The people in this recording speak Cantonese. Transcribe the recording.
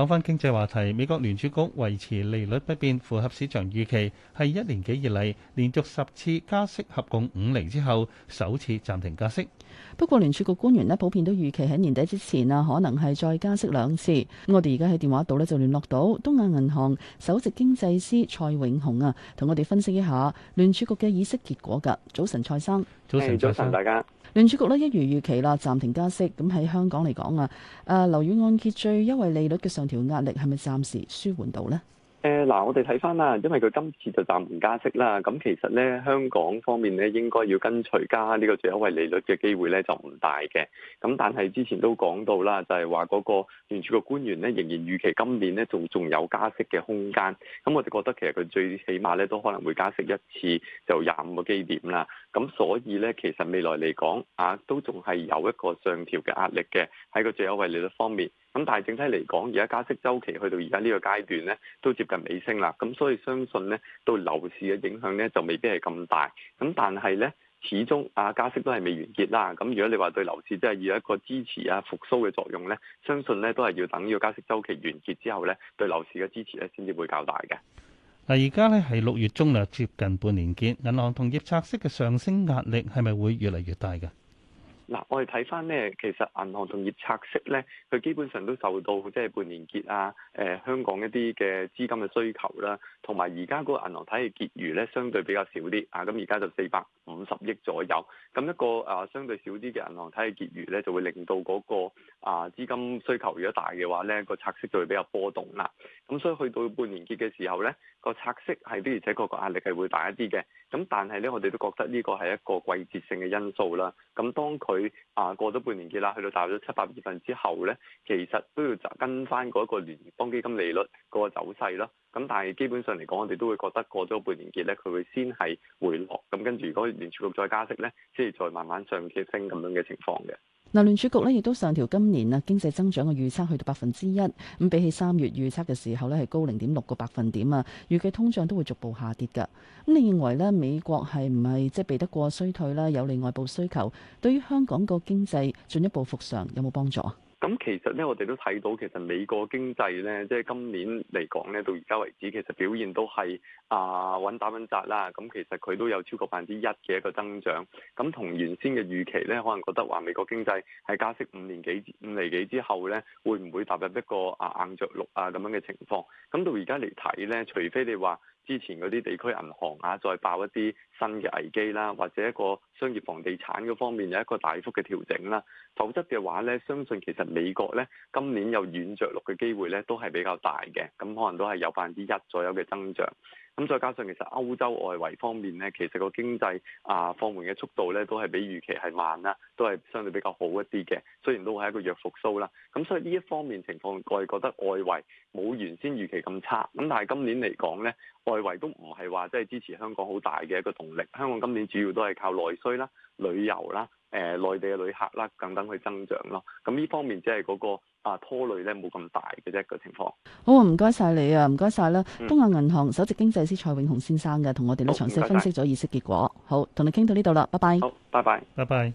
講返經濟話題，美國聯儲局維持利率不變，符合市場預期，係一年幾以嚟連續十次加息合共五厘之後，首次暫停加息。不過聯儲局官員咧普遍都預期喺年底之前啊，可能係再加息兩次。我哋而家喺電話度咧就聯絡到東亞銀行首席經濟師蔡永雄啊，同我哋分析一下聯儲局嘅議息結果噶。早晨，早晨，蔡生。早晨，早晨，大家。聯儲局咧一如預期啦，暫停加息。咁喺香港嚟講啊，誒，樓宇按揭最，最優惠利率嘅上。條壓力係咪暫時舒緩到呢？誒，嗱，我哋睇翻啦，因為佢今次就暫唔加息啦。咁其實咧，香港方面咧，應該要跟隨加呢個最優惠利率嘅機會咧，就唔大嘅。咁但係之前都講到啦，就係話嗰個聯儲嘅官員咧，仍然預期今年咧，仲仲有加息嘅空間。咁我哋覺得其實佢最起碼咧，都可能會加息一次，就廿五個基點啦。咁所以咧，其實未來嚟講啊，都仲係有一個上調嘅壓力嘅，喺個最優惠利率方面。咁但係整體嚟講，而家加息周期去到而家呢個階段咧，都接近尾聲啦。咁所以相信咧，對樓市嘅影響咧，就未必係咁大。咁但係咧，始終啊加息都係未完結啦。咁如果你話對樓市即係要一個支持啊復甦嘅作用咧，相信咧都係要等呢個加息周期完結之後咧，對樓市嘅支持咧先至會較大嘅。嗱，而家咧係六月中啦，接近半年結，銀行同業拆息嘅上升壓力係咪會越嚟越大嘅？嗱，我哋睇翻咧，其實銀行同業拆息咧，佢基本上都受到即係半年結啊，誒、呃、香港一啲嘅資金嘅需求啦，同埋而家個銀行體系結餘咧，相對比較少啲啊，咁而家就四百五十億左右，咁一個啊相對少啲嘅銀行體系結餘咧，就會令到嗰個啊資金需求如果大嘅話咧，個拆息就會比較波動啦。咁所以去到半年結嘅時候咧，個拆息係的而且確個壓力係會大一啲嘅。咁但係咧，我哋都覺得呢個係一個季節性嘅因素啦。咁當佢啊，過咗半年結啦，去到大約七八月份之後咧，其實都要跟翻嗰個聯邦基金利率個走勢咯。咁但係基本上嚟講，我哋都會覺得過咗半年結咧，佢會先係回落。咁跟住，如果聯儲局再加息咧，先係再慢慢上升咁樣嘅情況嘅。嗱、啊，聯儲局呢亦都上調今年啊經濟增長嘅預測去到百分之一，咁比起三月預測嘅時候呢係高零點六個百分點啊，預計通脹都會逐步下跌噶。咁你認為呢美國係唔係即係避得過衰退啦？有利外部需求，對於香港個經濟進一步復常有冇幫助啊？咁其實咧，我哋都睇到其實美國經濟咧，即係今年嚟講咧，到而家為止，其實表現都係啊穩打穩紮啦。咁其實佢都有超過百分之一嘅一個增長。咁同原先嘅預期咧，可能覺得話美國經濟係加息五年幾五厘幾之後咧，會唔會踏入一個啊硬着陸啊咁樣嘅情況？咁到而家嚟睇咧，除非你話，之前嗰啲地區銀行啊，再爆一啲新嘅危機啦，或者一個商業房地產嗰方面有一個大幅嘅調整啦，否則嘅話呢，相信其實美國呢，今年有軟着陸嘅機會呢都係比較大嘅，咁可能都係有百分之一左右嘅增長。咁再、嗯、加上其實歐洲外圍方面咧，其實個經濟啊、呃、放緩嘅速度咧，都係比預期係慢啦，都係相對比較好一啲嘅。雖然都係一個弱復甦啦，咁、嗯、所以呢一方面情況，我係覺得外圍冇原先預期咁差。咁、嗯、但係今年嚟講咧，外圍都唔係話即係支持香港好大嘅一個動力。香港今年主要都係靠內需啦、旅遊啦。誒、呃，內地嘅旅客啦，等等去增長咯，咁、嗯、呢方面即係嗰個啊拖累咧冇咁大嘅一、這個情況。好，啊，唔該晒你啊，唔該晒啦。東亞銀行首席經濟師蔡永雄先生嘅，同我哋都詳細分析咗議息結果。謝謝。好，同你傾到呢度啦，拜拜。好，拜拜，拜拜。